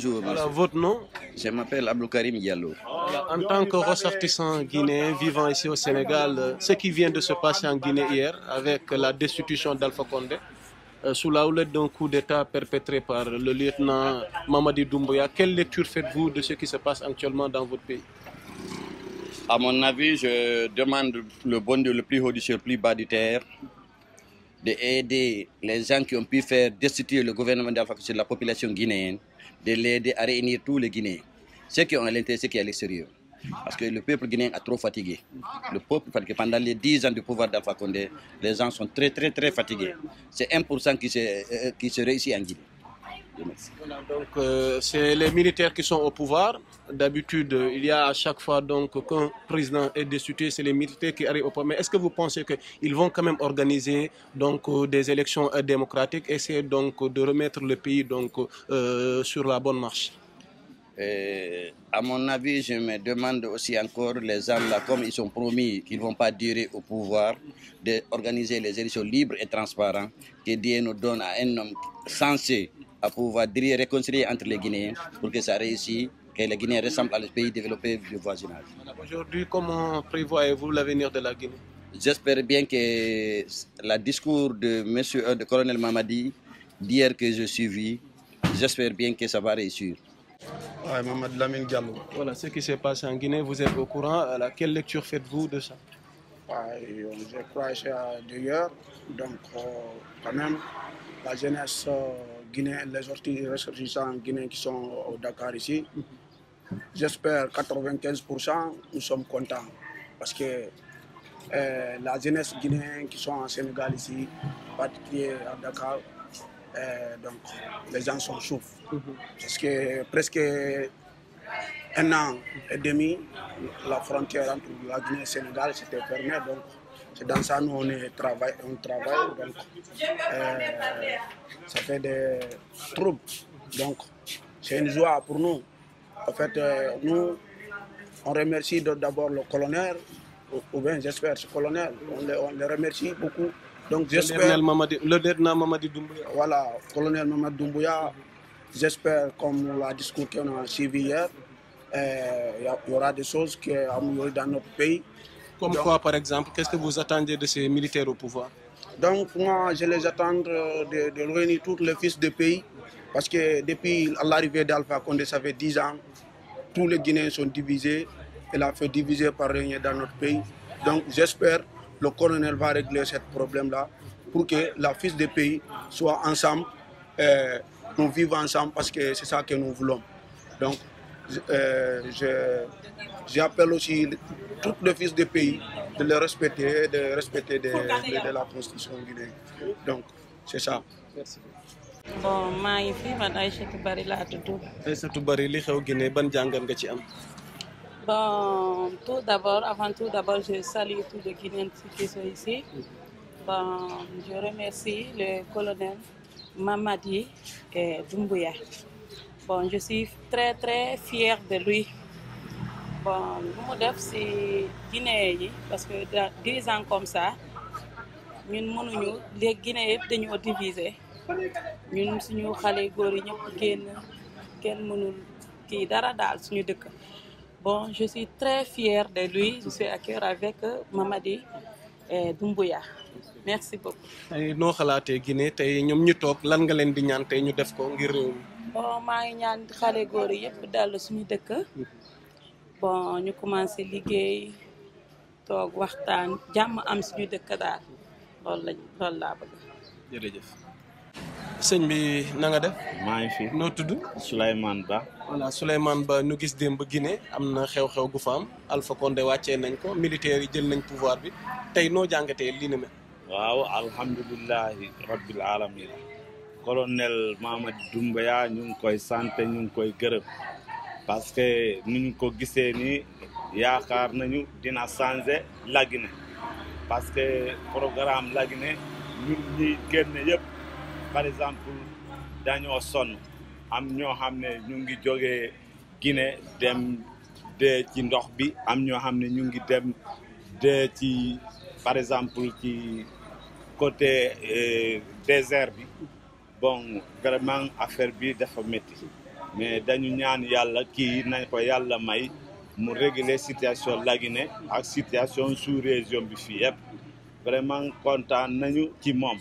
Bonjour. Voilà, monsieur. votre nom Je m'appelle Abloukarim Diallo. Voilà, en tant que ressortissant guinéen vivant ici au Sénégal, euh, ce qui vient de se passer en Guinée hier avec la destitution d'Alpha Condé, euh, sous la houlette d'un coup d'État perpétré par le lieutenant Mamadi Doumbouya, quelle lecture faites-vous de ce qui se passe actuellement dans votre pays À mon avis, je demande le bon Dieu, le plus haut du ciel, bas du terre, d'aider les gens qui ont pu faire destituer le gouvernement d'Alpha la population guinéenne de l'aider à réunir tous les Guinéens, ceux qui ont à l'intérieur, ceux qui sont à l'extérieur. Parce que le peuple guinéen est trop fatigué. Le que pendant les 10 ans du pouvoir d'Alpha Condé, les gens sont très, très, très fatigués. C'est 1% qui se, euh, qui se en Guinée. Je voilà, donc, euh, c'est les militaires qui sont au pouvoir. D'habitude, euh, il y a chaque fois donc qu'un président est destitué, c'est les militaires qui arrivent au pouvoir. Mais est-ce que vous pensez qu'ils vont quand donc euh, des élections démocratiques, essayer donc de remettre le pays donc euh, sur la bonne marche? Euh, à mon avis, je me demande aussi encore les gens là, comme ils sont promis qu'ils ne vont pas durer au pouvoir, d'organiser les élections libres et transparentes, que Dieu nous donne à un homme sensé à pouvoir dire réconcilier entre les pour que ça réussisse, que les Guinéens ressemblent à les pays développés du voisinage. comment prévoyez-vous l'avenir de la Guinée J'espère bien que le discours de monsieur euh, de colonel Mamadi d'hier que je suivi, j'espère bien que ça va réussir. Oui, Mamad Lamine Diallo. Voilà ce qui s'est passé en Guinée, vous êtes au courant. Alors, euh, quelle lecture faites-vous de ça ouais, euh, Je crois que c'est d'ailleurs. Donc, euh, quand même, la jeunesse. Guinée, les ressortissants guinéens qui sont au Dakar ici. Mhm. J'espère 95%, nous sommes contents parce que euh, la jeunesse guinéenne qui sont en Sénégal ici, particulièrement à Dakar, euh, donc les gens sont souffrent. Mhm. Parce que presque un an et demi, la frontière entre la Guinée et le Sénégal C'est dans ça nous on est euh, donc c'est une joie pour nous. En fait euh, nous on remercie d'abord le colonel ou bien j'espère ce colonel on le, on le remercie beaucoup. Donc j'espère le lieutenant Mamadi Doumbouya. la discours qu'on a suivi hier euh, il aura des choses qui améliorées dans notre pays. Comme donc, quoi, par exemple, qu'est-ce que vous attendez de ces militaires au pouvoir Donc, moi, je les attends de, de réunir tous les fils de pays, parce que depuis l'arrivée d'Alpha Condé, ça fait 10 ans, tous les Guinéens sont divisés, et la fait diviser par régner dans notre pays. Donc, j'espère le colonel va régler ce problème-là pour que la fils de pays soit ensemble, et euh, nous vivons ensemble, parce que c'est ça que nous voulons. Donc, Euh, je j'appelle aussi tous les fils de pays de les respecter de de, de, de la constitution guinéenne donc c'est ça. bon maa ngi fi man Aïssatou Bari laa tudd. Aïssatou li xew Guinée ban jàngat nga ci am. bon tout d'abord avant tout d'abord je salue tous les Guinéens qui sont ici. bon je remercie le colonel Mamadi et bon je suis très très fière de lui bon lu def si Guinée yi parce que dix ans comme ça ñun mënuñu léegi Guinée yëpp dañoo diviser ñun suñu xale góor yi ñëpp kenn kenn mënul kii dara daal suñu dëkk bon je suis très fière de lui je suis à cœur avec euh, Mamadi Doumbouya merci beaucoup. tey noo xalaatee Guinée tey ñoom ñu toog lan nga leen di ñaan ñu def ko ngir réew mi. bon maa ngi ñaan xale góor yëpp dellu suñu dëkk bon ñu commencé liggéey toog waxtaan jàmm am suñu dëkk daal loolu lañ loolu laa bëgg. sëñ bi nanga def. maa ngi fi noo tudd. Souleymane Ba. voilà Ba nu gis ba Guinée am na xew-xew gu fa am Alpha Condé wàccee nañ ko militaires yi jël nañ pouvoir bi tey noo jàngatee lii ni mel. waaw alhamdulilahi rabbil alamin colonel Mamadi Doumbouya ñu ngi koy sant ñu ngi koy gërëm parce que ni ko gisee nii yaakaar nañu dina changer lagine parce que programme la Guinée ñun ñi génne yëpp par exemple dañoo son am ñoo xam ne ñu ngi jógee Guinée dem dee ci ndox bi am ñoo xam ne ñu ngi dem dee ci par exemple ci côté euh, désert bi bon vraiment affaire bi dafa métti mais dañu ñaan yàlla kii nañ ko yàlla may mu régler situation la Guinée ak situation sous région bi fii yëpp vraiment kontaan nañu ci moom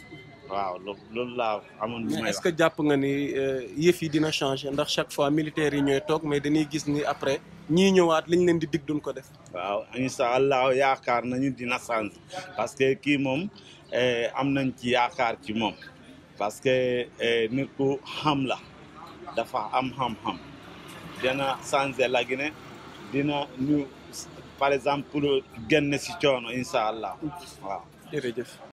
waaw loolu laa amoon lu may wax que jàpp nga ni euh, yëf yi dina changer ndax chaque fois militaire yi ñooy toog mais dañuy gis ni après ñii ñëwaat liñ leen di dig duñ ko def waaw insha allah yaakaar nañu dina changer parce que kii moom eh, am nañ ci yaakaar ci moom parce que eh, nit ku xam la dafa am xam-xam dina changer la Guinée dina ñu par exemple pour génn si coono incha allah waaw